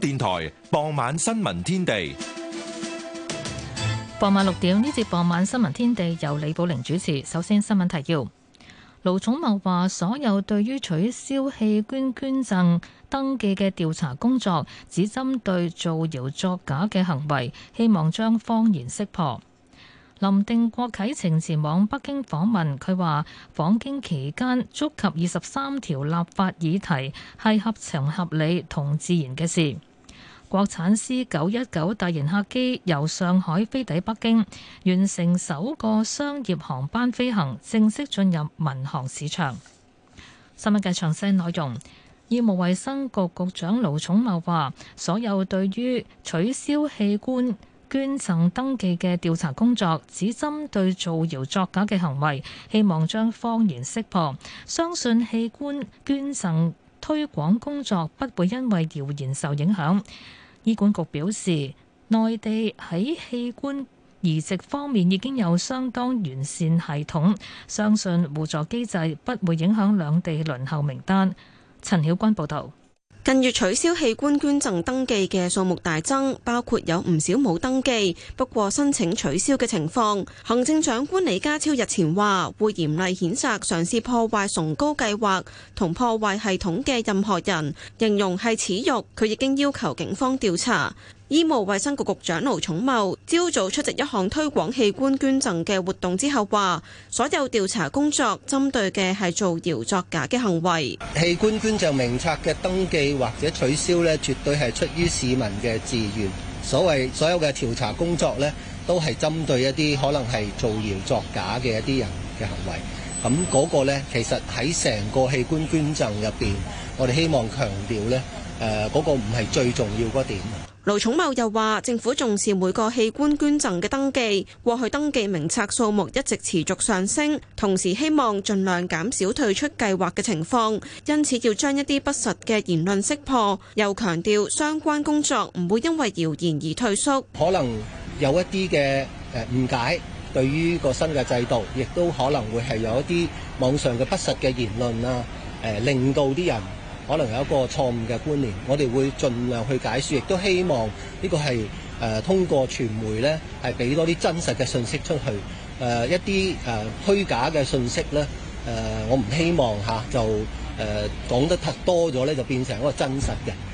電台傍晚新聞天地，傍晚六點呢節傍晚新聞天地由李寶玲主持。首先新聞提要，盧寵茂話：所有對於取消器官捐贈登記嘅調查工作，只針對造謠作假嘅行為，希望將謊言識破。林定國啟程前往北京訪問，佢話訪京期間觸及二十三條立法議題，係合情合理同自然嘅事。國產 C 九一九大型客機由上海飛抵北京，完成首個商業航班飛行，正式進入民航市場。新聞嘅詳細內容，業務衛生局局,局長盧寵茂話：所有對於取消器官。捐贈登記嘅調查工作只針對造謠作假嘅行為，希望將謊言識破。相信器官捐贈推廣工作不會因為謠言受影響。醫管局表示，內地喺器官移植方面已經有相當完善系統，相信互助機制不會影響兩地輪候名單。陳曉君報道。近月取消器官捐贈登記嘅數目大增，包括有唔少冇登記，不過申請取消嘅情況。行政長官李家超日前話會嚴厲譴責嘗試破壞崇高計劃同破壞系統嘅任何人，形容係恥辱。佢已經要求警方調查。醫務衛生局局長盧寵茂朝早出席一項推廣器官捐贈嘅活動之後，話所有調查工作針對嘅係造謠作假嘅行為。器官捐贈名冊嘅登記或者取消呢，絕對係出於市民嘅自願。所謂所有嘅調查工作呢，都係針對一啲可能係造謠作假嘅一啲人嘅行為。咁嗰個呢，其實喺成個器官捐贈入邊，我哋希望強調呢，誒嗰個唔係最重要嗰點。盧寵茂又話,政府重視每個器官捐贈嘅登記,過去登記名冊數目一直持續上升,同時希望盡量減少退出計劃嘅情況,因此要將一啲不實嘅言論識破,又強調相關工作唔會因為謠言而退縮。可能有一啲嘅誤解,對於個新嘅制度,亦都可能會係有一啲網上嘅不實嘅言論,令到啲人,可能有一個錯誤嘅觀念，我哋會盡量去解說，亦都希望呢個係誒、呃、通過傳媒咧，係俾多啲真實嘅信息出去。誒、呃、一啲誒虛假嘅信息咧，誒、呃、我唔希望吓、啊、就誒講、呃、得太多咗咧，就變成一個真實嘅。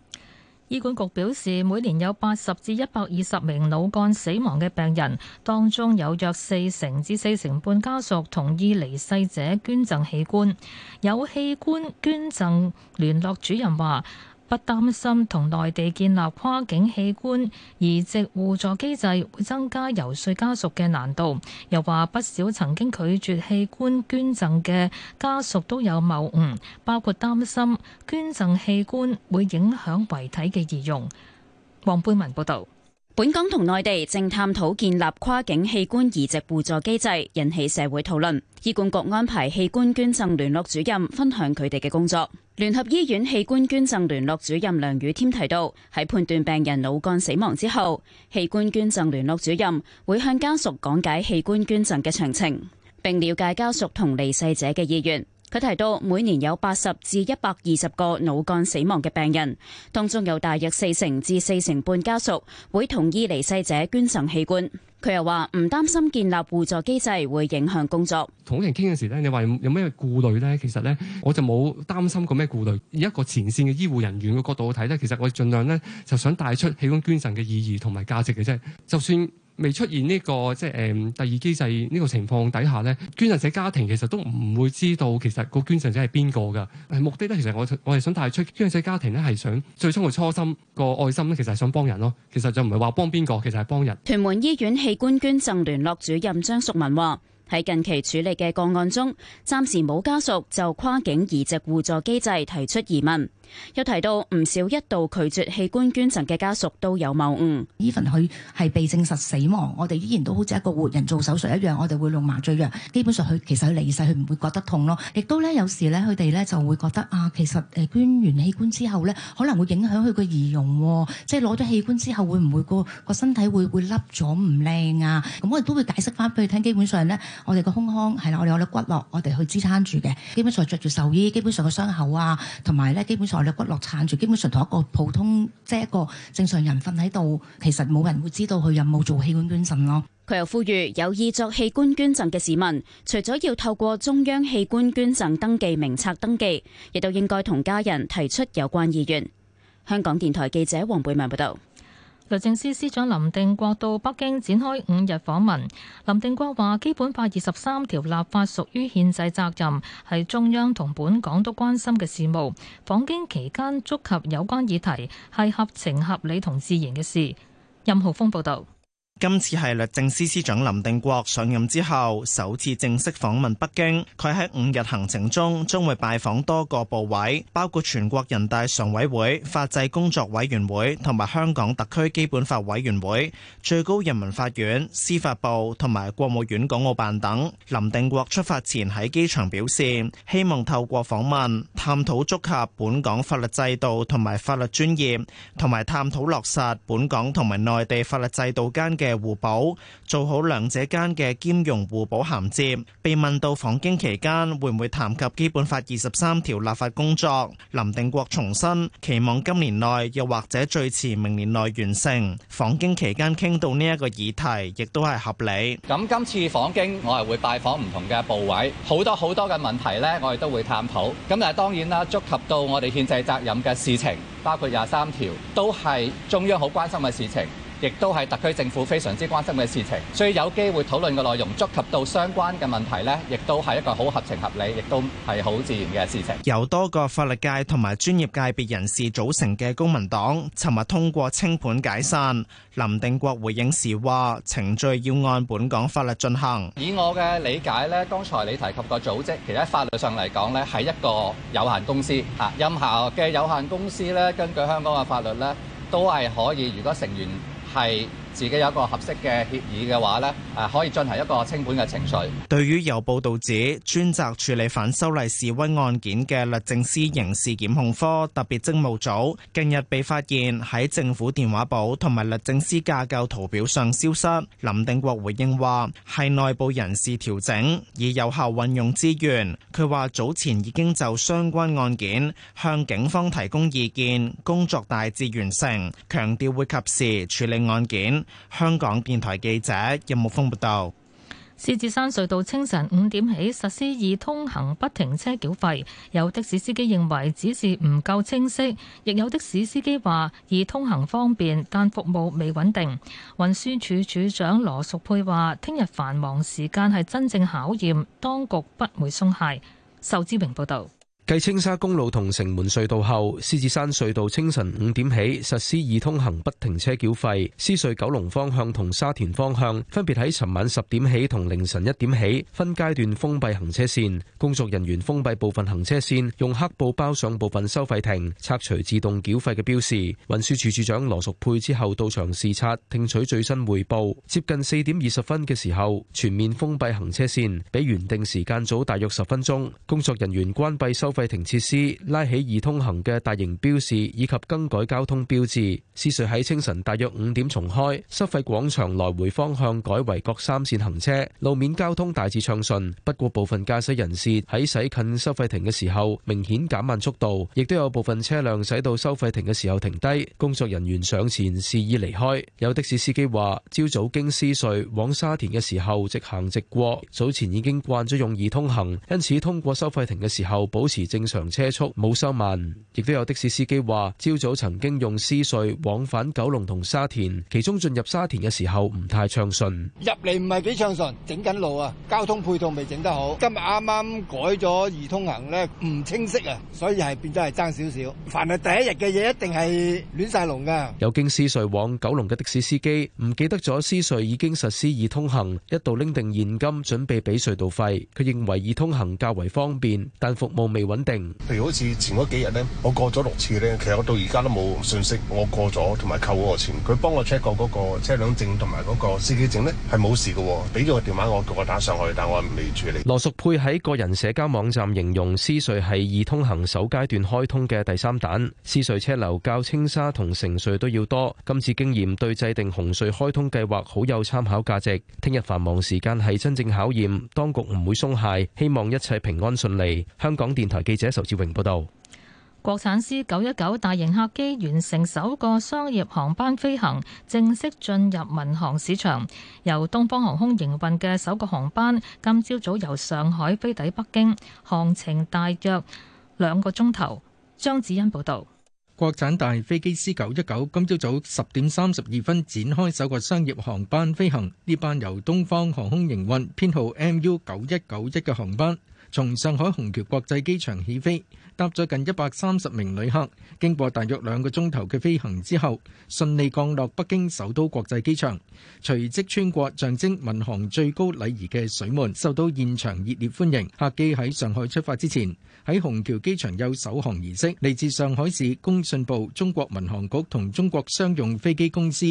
醫管局表示，每年有八十至一百二十名腦幹死亡嘅病人，當中有約四成至四成半家屬同意離世者捐贈器官。有器官捐贈聯絡主任話，不擔心同內地建立跨境器官移植互助機制，會增加游說家屬嘅難度。又話不少曾經拒絕器官捐贈嘅家屬都有謬誤，包括擔心捐贈器官會影響遺體嘅儀容。黃貝文報道。本港同內地正探討建立跨境器官移植互助機制，引起社會討論。醫管局安排器官捐贈聯絡主任分享佢哋嘅工作。聯合醫院器官捐贈聯絡主任梁宇添提到，喺判斷病人腦幹死亡之後，器官捐贈聯絡主任會向家屬講解器官捐贈嘅詳情，並了解家屬同離世者嘅意願。佢提到每年有八十至一百二十個腦幹死亡嘅病人，當中有大約四成至四成半家屬會同意離世者捐贈器官。佢又話唔擔心建立互助機制會影響工作。同人傾嘅時咧，你話有咩顧慮咧？其實咧，我就冇擔心過咩顧慮。以一個前線嘅醫護人員嘅角度去睇咧，其實我盡量咧就想帶出器官捐贈嘅意義同埋價值嘅啫。就算。未出現呢個即係誒第二機制呢個情況底下呢，捐贈者家庭其實都唔會知道其實個捐贈者係邊個㗎。誒目的呢，其實我我係想帶出捐贈者家庭呢，係想最初嘅初心個愛心呢，其實係想幫人咯。其實就唔係話幫邊個，其實係幫人。屯門醫院器官捐贈聯絡主任張淑文話：喺近期處理嘅個案中，暫時冇家屬就跨境移植互助機制提出疑問。有提到唔少一度拒絕器官捐贈嘅家屬都有謬誤。even 佢係被證實死亡，我哋依然都好似一個活人做手術一樣，我哋會用麻醉藥，基本上佢其實佢離世佢唔會覺得痛咯。亦都咧有時咧佢哋咧就會覺得啊，其實誒捐完器官之後咧，可能會影響佢個儀容，即係攞咗器官之後會唔會個個身體會會凹咗唔靚啊？咁我哋都會解釋翻俾佢聽，基本上咧我哋個胸腔係啦，我哋有啲骨骼我哋去支撐住嘅，基本上着住壽衣，基本上個傷口啊同埋咧基本上。肋骨落攤住，基本上同一個普通即係一個正常人瞓喺度，其實冇人會知道佢有冇做器官捐贈咯。佢又呼籲有意作器官捐贈嘅市民，除咗要透過中央器官捐贈登記名冊登記，亦都應該同家人提出有關意願。香港電台記者黃貝曼報道。律政司司長林定國到北京展開五日訪問。林定國話：基本法二十三條立法屬於憲制責任，係中央同本港都關心嘅事務。訪京期間觸及有關議題，係合情合理同自然嘅事。任浩峰報道。今次係律政司司長林定國上任之後首次正式訪問北京。佢喺五日行程中將會拜訪多個部委，包括全國人大常委會法制工作委員會同埋香港特區基本法委員會、最高人民法院、司法部同埋國務院港澳辦等。林定國出發前喺機場表示，希望透過訪問探討觸及本港法律制度同埋法律專業同埋探討落實本港同埋內地法律制度間嘅。互補，做好兩者間嘅兼容互補銜接。被問到訪京期間會唔會談及基本法二十三條立法工作，林定國重申期望今年內又或者最遲明年內完成。訪京期間傾到呢一個議題，亦都係合理。咁今次訪京我係會拜訪唔同嘅部委，好多好多嘅問題呢，我哋都會探討。咁但係當然啦，觸及到我哋憲制責任嘅事情，包括廿三條，都係中央好關心嘅事情。亦都係特區政府非常之關心嘅事情，所以有機會討論嘅內容觸及到相關嘅問題呢，亦都係一個好合情合理，亦都係好自然嘅事情。由多個法律界同埋專業界別人士組成嘅公民黨，尋日通過清盤解散。林定國回應時話：程序要按本港法律進行。以我嘅理解呢，剛才你提及個組織，其實法律上嚟講呢，係一個有限公司嚇。任何嘅有限公司呢，根據香港嘅法律呢，都係可以。如果成員係。自己有一個合適嘅協議嘅話呢，誒可以進行一個清盤嘅程序。對於有報導指專責處理反修例示威案件嘅律政司刑事檢控科特別職務組近日被發現喺政府電話簿同埋律政司架構圖表上消失，林定國回應話係內部人事調整，以有效運用資源。佢話早前已經就相關案件向警方提供意見，工作大致完成，強調會及時處理案件。香港電臺記者任木峰報道：獅子山隧道清晨五點起實施易通行不停車繳費，有的士司機認為指示唔夠清晰，亦有的士司機話易通行方便，但服務未穩定。運輸署署長羅淑佩話，聽日繁忙時間係真正考驗，當局不會鬆懈。仇志榮報道。繼青沙公路同城門隧道後，獅子山隧道清晨五點起實施易通行不停車繳費。獅隧九龍方向同沙田方向分別喺尋晚十點起同凌晨一點起分階段封閉行車線。工作人員封閉部分行車線，用黑布包上部分收費亭，拆除自動繳費嘅標示。運輸署署長羅淑佩之後到場視察，聽取最新匯報。接近四點二十分嘅時候，全面封閉行車線，比原定時間早大約十分鐘。工作人員關閉收。收費亭設施拉起易通行嘅大型標示，以及更改交通標誌。獅隧喺清晨大約五點重開，收費廣場來回方向改為各三線行車，路面交通大致暢順。不過部分駕駛人士喺駛近收費亭嘅時候，明顯減慢速度，亦都有部分車輛駛到收費亭嘅時候停低，工作人員上前示意離開。有的士司機話：朝早經獅隧往沙田嘅時候，直行直過，早前已經慣咗用易通行，因此通過收費亭嘅時候保持正常車速冇收慢，亦都有的士司機話：朝早曾經用私隧往返九龍同沙田，其中進入沙田嘅時候唔太暢順。入嚟唔係幾暢順，整緊路啊，交通配套未整得好。今日啱啱改咗易通行呢，唔清晰啊，所以係變咗係爭少少。凡係第一日嘅嘢，一定係亂晒龍噶。有經私隧往九龍嘅的士司機唔記得咗私隧已經實施易通行，一度拎定現金準備俾隧道費。佢認為易通行較為方便，但服務未。穩定。譬如好似前嗰幾日咧，我過咗六次咧，其實我到而家都冇信息我過咗同埋扣嗰個錢，佢幫我 check 過嗰個車輛證同埋嗰個司機證咧，係冇事嘅，俾咗個電話我，叫我打上去，但我未處理。羅淑佩喺個人社交網站形容獅隧係易通行首階段開通嘅第三彈，獅隧車流較青沙同城隧都要多，今次經驗對制定紅隧開通計劃好有參考價值。聽日繁忙時間係真正考驗，當局唔會鬆懈，希望一切平安順利。香港電台。記者仇志榮報道，國產 C 九一九大型客機完成首個商業航班飛行，正式進入民航市場。由東方航空營運嘅首個航班，今朝早由上海飛抵北京，航程大約兩個鐘頭。張子欣報道，國產大飛機 C 九一九今朝早十點三十二分展開首個商業航班飛行，呢班由東方航空營運，編號 MU 九一九一嘅航班。從上海虹橋國際機場起飛，搭咗近一百三十名旅客，經過大約兩個鐘頭嘅飛行之後，順利降落北京首都國際機場，隨即穿過象徵民航最高禮儀嘅水門，受到現場熱烈歡迎。客機喺上海出發之前，喺虹橋機場有首航儀式，嚟自上海市工信部、中國民航局同中國商用飛機公司、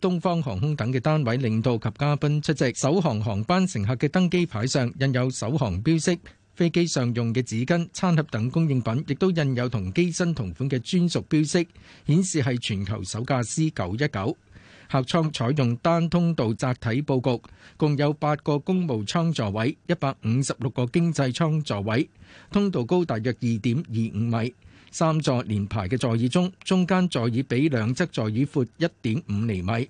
東方航空等嘅單位領導及嘉賓出席。首航航班乘客嘅登機牌上印有首航標識。飛機上用嘅紙巾、餐盒等供應品，亦都印有同機身同款嘅專屬標識，顯示係全球首架 C919，客艙採用單通道窄體佈局，共有八個公務艙座位，一百五十六個經濟艙座位，通道高大約二點二五米。三座連排嘅座椅中，中間座椅比兩側座椅闊一點五厘米。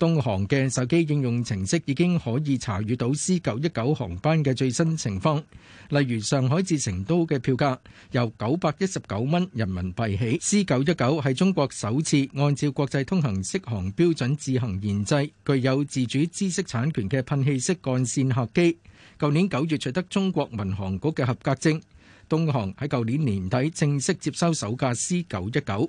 東航嘅手機應用程式已經可以查閱到 C919 航班嘅最新情況，例如上海至成都嘅票價由九百一十九蚊人民幣起。C919 係中國首次按照國際通行適航標準自行研製、具有自主知識產權嘅噴氣式幹線客機，舊年九月取得中國民航局嘅合格證。東航喺舊年年底正式接收首架 C919。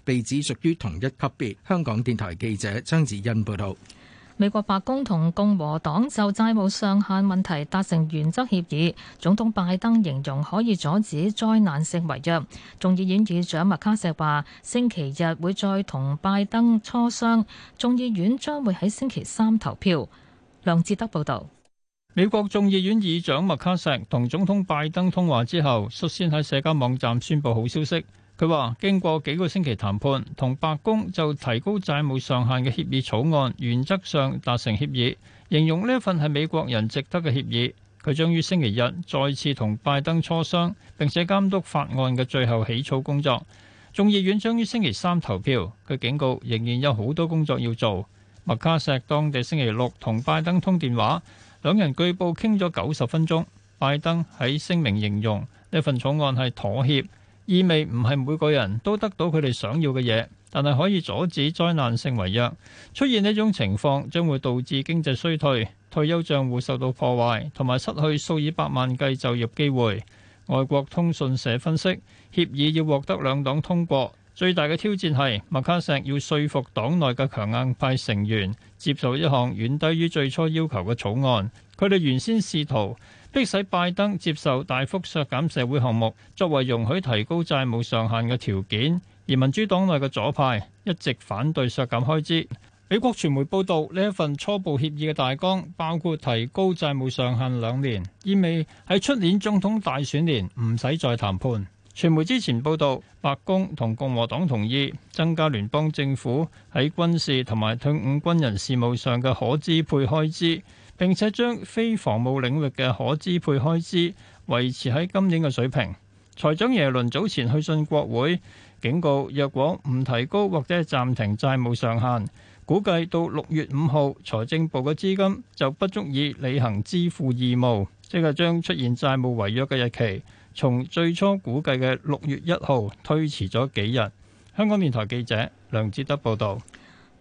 被指屬於同一級別。香港電台記者曾子欣報導，美國白宮同共和黨就債務上限問題達成原則協議。總統拜登形容可以阻止災難性違約。眾議院議長麥卡錫話：星期日會再同拜登磋商。眾議院將會喺星期三投票。梁志德報導，美國眾議院議長麥卡錫同總統拜登通話之後，率先喺社交網站宣布好消息。佢話：經過幾個星期談判，同白宮就提高債務上限嘅協議草案原則上達成協議，形容呢一份係美國人值得嘅協議。佢將於星期日再次同拜登磋商，並且監督法案嘅最後起草工作。眾議院將於星期三投票。佢警告仍然有好多工作要做。麥卡錫當地星期六同拜登通電話，兩人據報傾咗九十分鐘。拜登喺聲明形容呢份草案係妥協。意味唔係每個人都得到佢哋想要嘅嘢，但係可以阻止災難性違約。出現呢種情況，將會導致經濟衰退、退休帳戶受到破壞同埋失去數以百萬計就業機會。外國通訊社分析，協議要獲得兩黨通過。最大嘅挑戰係麥卡錫要說服黨內嘅強硬派成員接受一項遠低於最初要求嘅草案。佢哋原先試圖迫使拜登接受大幅削減社會項目作為容許提高債務上限嘅條件，而民主黨內嘅左派一直反對削減開支。美國傳媒報道呢一份初步協議嘅大綱包括提高債務上限兩年，意味喺出年總統大選年唔使再談判。傳媒之前報道，白宮同共和黨同意增加聯邦政府喺軍事同埋退伍軍人事務上嘅可支配開支，並且將非防務領域嘅可支配開支維持喺今年嘅水平。財長耶倫早前去信國會，警告若果唔提高或者係暫停債務上限，估計到六月五號財政部嘅資金就不足以履行支付義務，即係將出現債務違約嘅日期。從最初估計嘅六月一號推遲咗幾日。香港電台記者梁志德報道。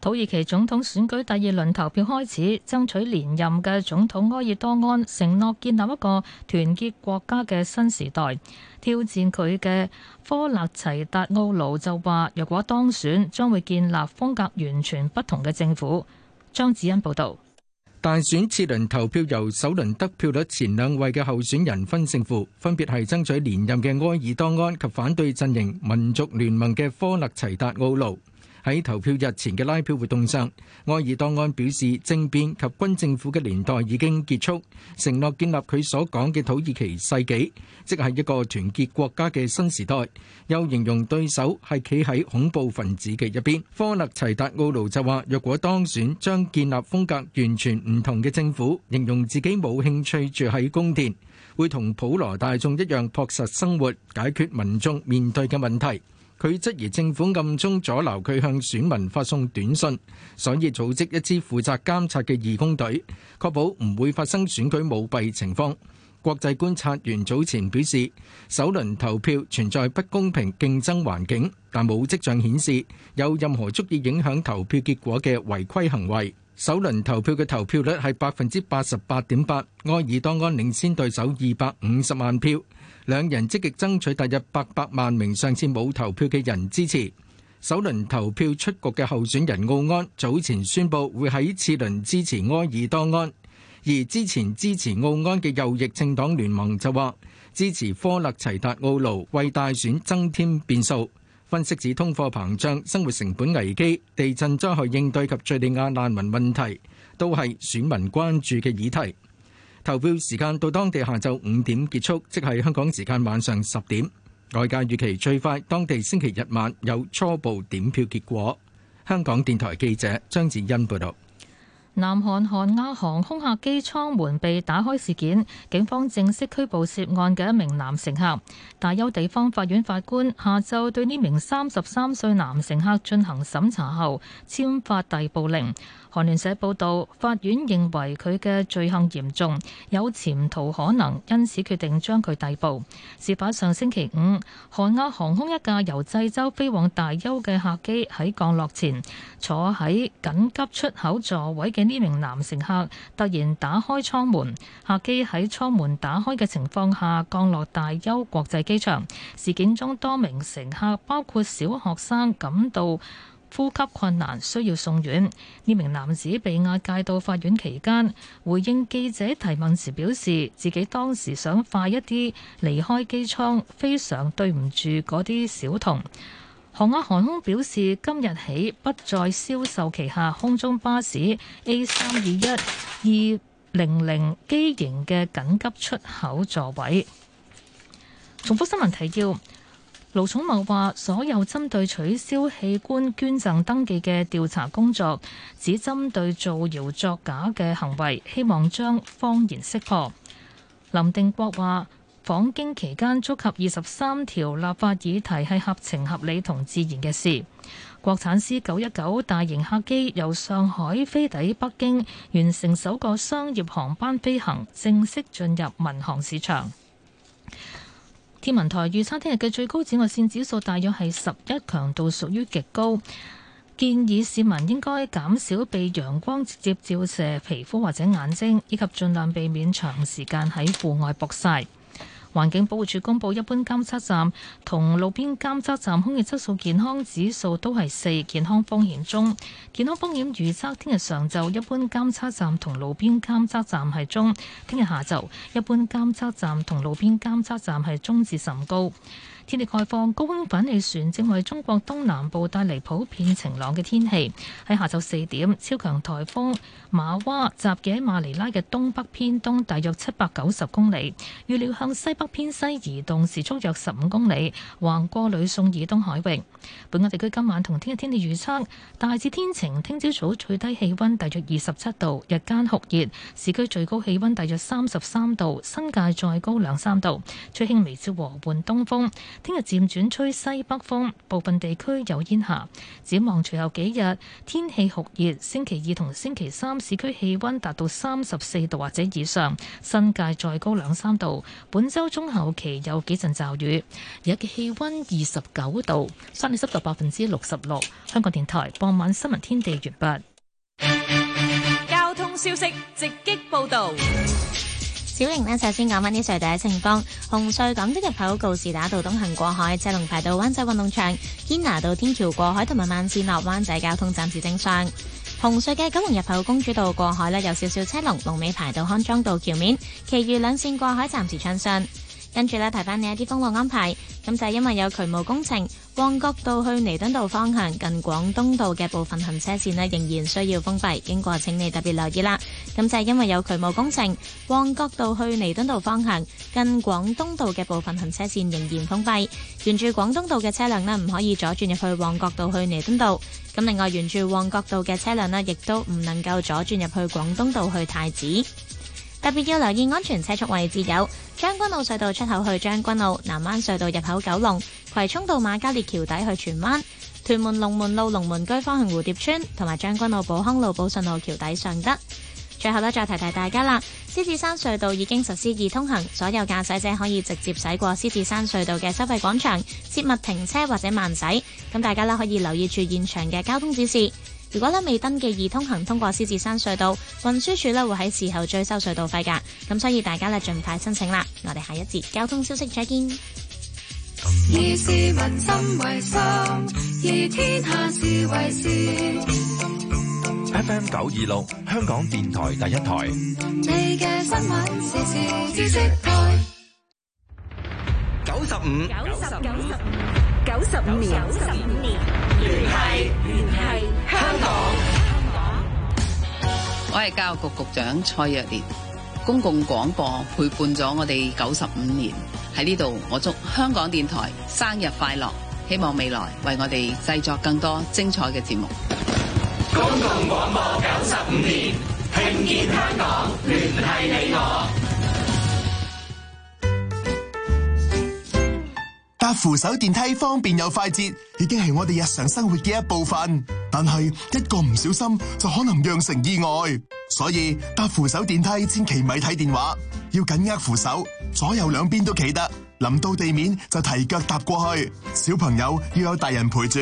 土耳其總統選舉第二輪投票開始，爭取連任嘅總統埃爾多安承諾建立一個團結國家嘅新時代。挑戰佢嘅科勒齊達奧魯就話，若果當選，將會建立風格完全不同嘅政府。張子欣報道。大選次輪投票由首輪得票率前兩位嘅候選人分勝負，分別係爭取連任嘅埃爾多安及反對陣營民族聯盟嘅科勒齊達奧盧。喺投票日前嘅拉票活動上，埃爾多安表示政變及軍政府嘅年代已經結束，承諾建立佢所講嘅土耳其世紀，即係一個團結國家嘅新時代。又形容對手係企喺恐怖分子嘅一邊。科勒齊達奧盧就話：若果當選，將建立風格完全唔同嘅政府，形容自己冇興趣住喺宮殿，會同普羅大眾一樣樸實生活，解決民眾面對嘅問題。佢質疑政府暗中阻撓佢向選民發送短信，所以組織一支負責監察嘅義工隊，確保唔會發生選舉舞弊情況。國際觀察員早前表示，首輪投票存在不公平競爭環境，但冇跡象顯示有任何足以影響投票結果嘅違規行為。首輪投票嘅投票率係百分之八十八點八，埃爾多安領先對手二百五十萬票。兩人積極爭取大約八百萬名上次冇投票嘅人支持。首輪投票出局嘅候選人奧安早前宣布會喺次輪支持埃爾多安，而之前支持奧安嘅右翼政黨聯盟就話支持科勒齊達奧盧，為大選增添變數。分析指通貨膨脹、生活成本危機、地震災後應對及敍利亞難民問題都係選民關注嘅議題。投票時間到當地下晝五點結束，即係香港時間晚上十點。外界預期最快當地星期日晚有初步點票結果。香港電台記者張子欣報道。南韓韓亞航空客機艙門被打開事件，警方正式拘捕涉案嘅一名男乘客。大邱地方法院法官下晝對呢名三十三歲男乘客進行審查後，簽發逮捕令。韓聯社報導，法院認為佢嘅罪行嚴重，有潛逃可能，因此決定將佢逮捕。事發上星期五，韓亞航空一架由濟州飛往大邱嘅客機喺降落前，坐喺緊急出口座位嘅呢名男乘客突然打開艙門，客機喺艙門打開嘅情況下降落大邱國際機場。事件中多名乘客，包括小學生，感到呼吸困難，需要送院。呢名男子被押解到法院期間，回應記者提問時表示，自己當時想快一啲離開機艙，非常對唔住嗰啲小童。韓亞航空表示，今日起不再銷售旗下空中巴士 A 三二一二零零機型嘅緊急出口座位。重複新聞提要。盧寵茂話：所有針對取消器官捐贈登記嘅調查工作，只針對造謠作假嘅行為，希望將謊言識破。林定國話：訪京期間觸及二十三條立法議題係合情合理同自然嘅事。國產 C 九一九大型客機由上海飛抵北京，完成首個商業航班飛行，正式進入民航市場。天文台預測聽日嘅最高紫外線指數大約係十一，強度屬於極高，建議市民應該減少被陽光直接照射皮膚或者眼睛，以及盡量避免長時間喺戶外曝曬。環境保護署公布，一般監測站同路邊監測站空氣質素健康指數都係四，健康風險中。健康風險預測聽日上晝一般監測站同路邊監測站係中，聽日下晝一般監測站同路邊監測站係中至甚高。天氣概況：高温反氣旋正為中國東南部帶嚟普遍晴朗嘅天氣。喺下晝四點，超強台風馬娃集結喺馬尼拉嘅東北偏東大約七百九十公里，預料向西北偏西移動，時速約十五公里，橫過呂宋以東海域。本港地區今晚同聽日天氣預測，大致天晴，聽朝早最低氣溫大約二十七度，日間酷熱，市區最高氣溫大約三十三度，新界再高兩三度，吹輕微至和緩東風。聽日漸轉吹西北風，部分地區有煙霞。展望隨後幾日天氣酷熱，星期二同星期三市區氣温達到三十四度或者以上，新界再高兩三度。本周中後期有幾陣驟雨。日嘅氣温二十九度，相對濕度百分之六十六。香港電台傍晚新聞天地完畢。交通消息，直擊報道。小玲呢，首先講翻啲隧道嘅情況。紅隧港的入口告士打道東行過海車龍排到灣仔運動場，堅拿道天橋過海同埋慢線落灣仔交通暫時正常。紅隧嘅九龍入口公主道過海呢，有少少車龍，龍尾排到康莊道橋面，其餘兩線過海暫時暢順。跟住咧，提翻你一啲封路安排。咁就係因為有渠務工程，旺角道去彌敦道方向近廣東道嘅部分行車線咧，仍然需要封閉。經過請你特別留意啦。咁就係因為有渠務工程，旺角道去彌敦道方向近廣東道嘅部分行車線仍然封閉。沿住廣東道嘅車輛呢，唔可以左轉入去旺角道去彌敦道。咁另外沿住旺角道嘅車輛呢，亦都唔能夠左轉入去廣東道去太子。特別要留意安全車速位置，有將軍澳隧道出口去將軍澳南灣隧道入口、九龍葵涌道馬加列橋底去荃灣、屯門龍門路龍門居方向蝴蝶村，同埋將軍澳寶康路寶順路橋底尚德。最後呢，再提提大家啦，獅子山隧道已經實施易通行，所有駕駛者可以直接駛過獅子山隧道嘅收費廣場，切勿停車或者慢駛。咁大家呢，可以留意住現場嘅交通指示。如果咧未登記易通行通過獅子山隧道，運輸署咧會喺事後追收隧道費噶，咁所以大家咧盡快申請啦。我哋下一節交通消息再見。以市民心為心，以天下事為事。FM 九二六，香港電台第一台。你嘅新聞時時消息台。九十五。時時九十五年，九十五年，聯繫聯繫香港。我係教育局局長蔡若蓮，公共廣播陪伴咗我哋九十五年，喺呢度我祝香港電台生日快樂，希望未來為我哋製作更多精彩嘅節目。公共廣播九十五年，聽見香港，聯繫你我。扶手電梯方便又快捷，已經係我哋日常生活嘅一部分。但係一個唔小心就可能釀成意外，所以搭扶手電梯千祈咪睇電話，要緊握扶手，左右兩邊都企得。臨到地面就提腳踏過去。小朋友要有大人陪住，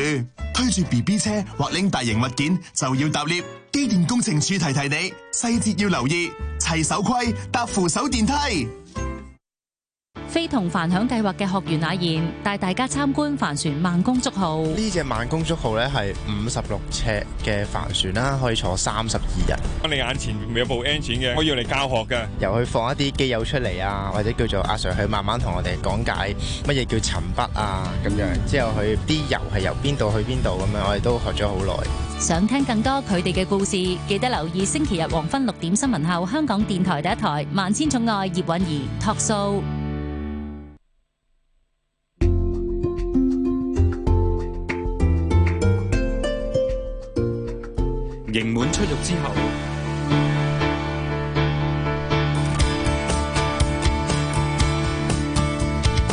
推住 BB 車或拎大型物件就要搭 𨋢。機電工程處提提提你，細節要留意，齊守規搭扶手電梯。非同凡響計劃嘅學員阿賢帶大家參觀帆船慢工竹號。呢隻慢工竹號咧係五十六尺嘅帆船啦，可以坐三十二人。你眼前咪有部 engine 嘅，我要嚟，教學㗎，由佢放一啲機油出嚟啊，或者叫做阿 sir 去慢慢同我哋講解乜嘢叫沉筆啊，咁樣之後佢啲油係由邊度去邊度咁樣，我哋都學咗好耐。想聽更多佢哋嘅故事，記得留意星期日黃昏六點新聞後，香港電台第一台萬千寵愛葉韻儀托數。刑滿出獄之後，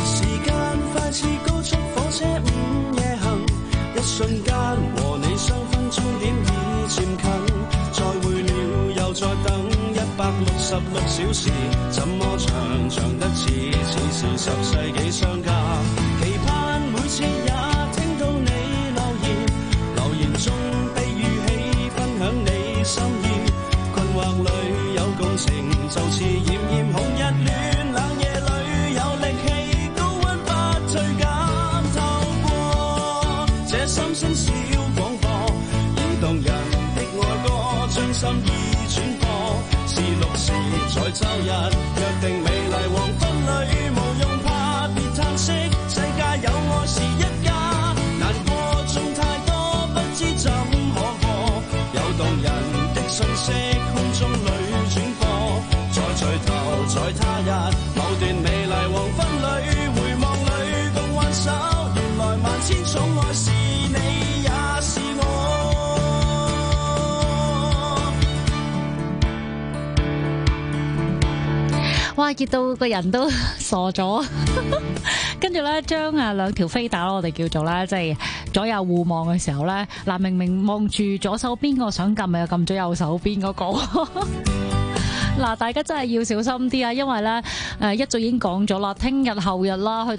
時間快似高速火車午夜行，一瞬間和你相分，終點已漸近，再會了，又再等一百六十六小時，怎麼長長得似似是十世紀相隔，期盼每次。熱到個人都傻咗，跟住咧，將啊兩條飛打，我哋叫做咧，即係左右互望嘅時候咧，嗱，明明望住左手邊個想撳，咪又撳咗右手邊嗰個。嗱，大家真係要小心啲啊，因為咧誒，一早已經講咗啦，聽日後日啦去。